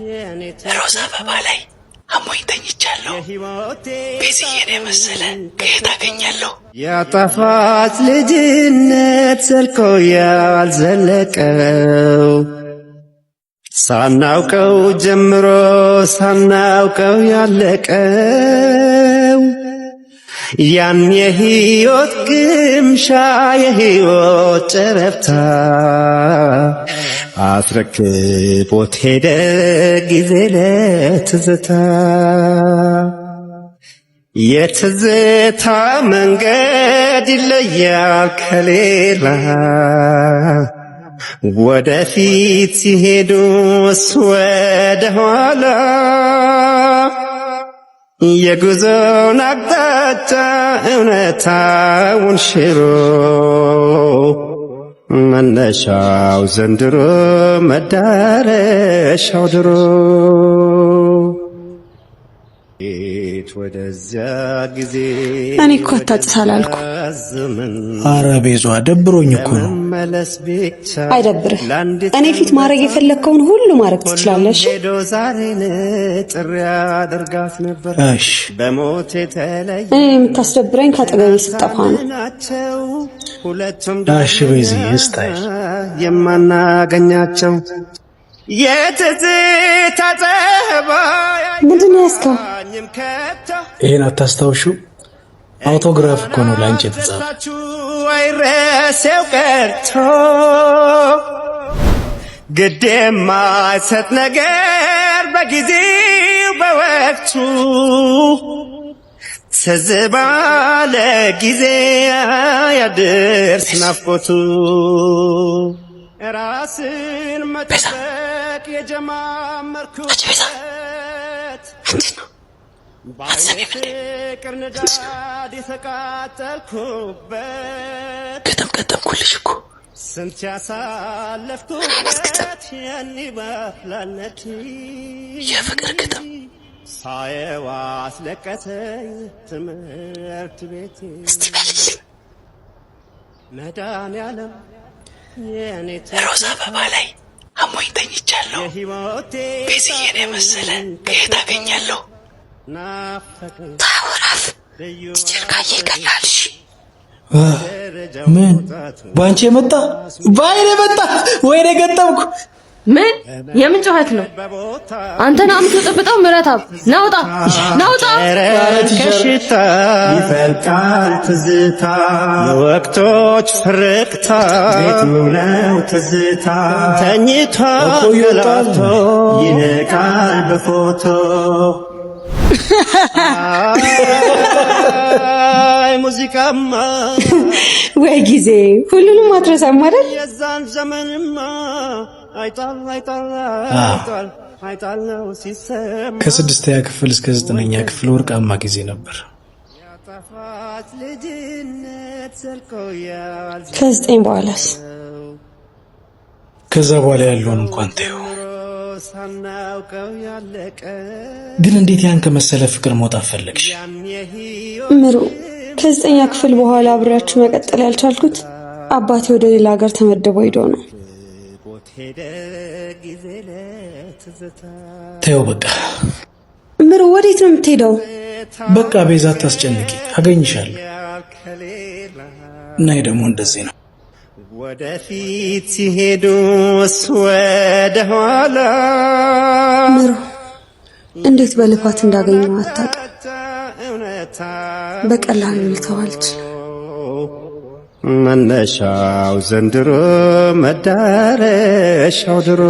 ሮዝ አበባ ላይ አሞኝ ተኝቻለሁ። ቤዝዬን የመሰለ ከየት አገኛለሁ? የጠፋት ልጅነት ዘልቆ ያልዘለቀው ሳናውቀው ጀምሮ ሳናውቀው ያለቀው ያን የህይወት ግምሻ የህይወት ጨረብታ አስረክቦት ሄደ ጊዜ ለትዝታ የትዝታ መንገድ ይለያል ከሌላ ወደፊት ሲሄዱስ ወደ የጉዞውን አቅጣጫ እውነታውን ሽሮ መነሻው ዘንድሮ መዳረሻው ድሮ እኔ እኮ አታጭስ አላልኩ። አረ ቤዛ ደብሮኝ እኮ ነው። አይደብርህ። እኔ ፊት ማድረግ የፈለግከውን ሁሉ ማድረግ ትችላለሽ። እሺ። እኔ የምታስደብረኝ ከአጠገቤ ስትጠፋ ነው። ሁለቱም ዳሽ ቤዛ ስታይ የማናገኛቸው የትዝታ ምንድን ነው ያስከው ይሄን አታስታውሹ? አውቶግራፍ እኮ ነው ለአንቺ የተጻፈ። አይረሴው ቀርቶ ግድ የማይሰጥ ነገር በጊዜው በወቅቱ ትዝ ባለ ጊዜ ያድርስ ናፍቆቱ ራስን መጠበቅ የጀማመርኩት ባይኔ ፍቅር የተቃጠልኩበት እኮ ስንት ያሳለፍኩበት ያን ባፍላነት የፍቅር ሳየው ትምህርት ቤት መድኃኒዓለም ሮዝ አበባ ላይ አሞኝ ተኝቻለሁ። ቤዝዬን የመሰለ ከየት አገኛለሁ? ታወራፍ ጀርጋ እየቀላልሽ ምን በአንቺ የመጣ በአይን የመጣ ወይኔ ገጠምኩ። ምን የምን ጩኸት ነው? አንተ ነው የምትጠብጠው። ምረታብ ናውጣ ናውጣ ከሽታ ይፈልቃል ትዝታ ወቅቶች ፍርቅታ ነው ትዝታ ተኝቷ ገላቶ ይነቃል በፎቶ ሙዚቃማ ወይ ጊዜ ሁሉንም አትረሳም አይደል? የዛን ዘመንማ አይጣል አይጣል አይጣል አይጣል ነው ሲሰማ። ከስድስተኛ ክፍል እስከ ዘጠነኛ ክፍል ወርቃማ ጊዜ ነበር። ከዘጠኝ በኋላስ? ከዛ በኋላ ያለውን እንኳን ተይው ግን እንዴት ያን ከመሰለ ፍቅር መውጣት ፈለግሽ? ምሩ፣ ከዘጠኛ ክፍል በኋላ አብሬያችሁ መቀጠል ያልቻልኩት አባቴ ወደ ሌላ ሀገር ተመድቦ ሄዶ ነው። ተይው በቃ። ምሩ፣ ወዴት ነው የምትሄደው? በቃ ቤዛ፣ አታስጨንቂ፣ አገኝሻለሁ። ናይ ደግሞ እንደዚህ ነው። ወደፊት ሲሄዱስ ወደ ኋላ ምሮ እንዴት በልፋት እንዳገኘው አታውቅም። በቀላሉ ልተዋልች መነሻው ዘንድሮ መዳረሻው ድሮ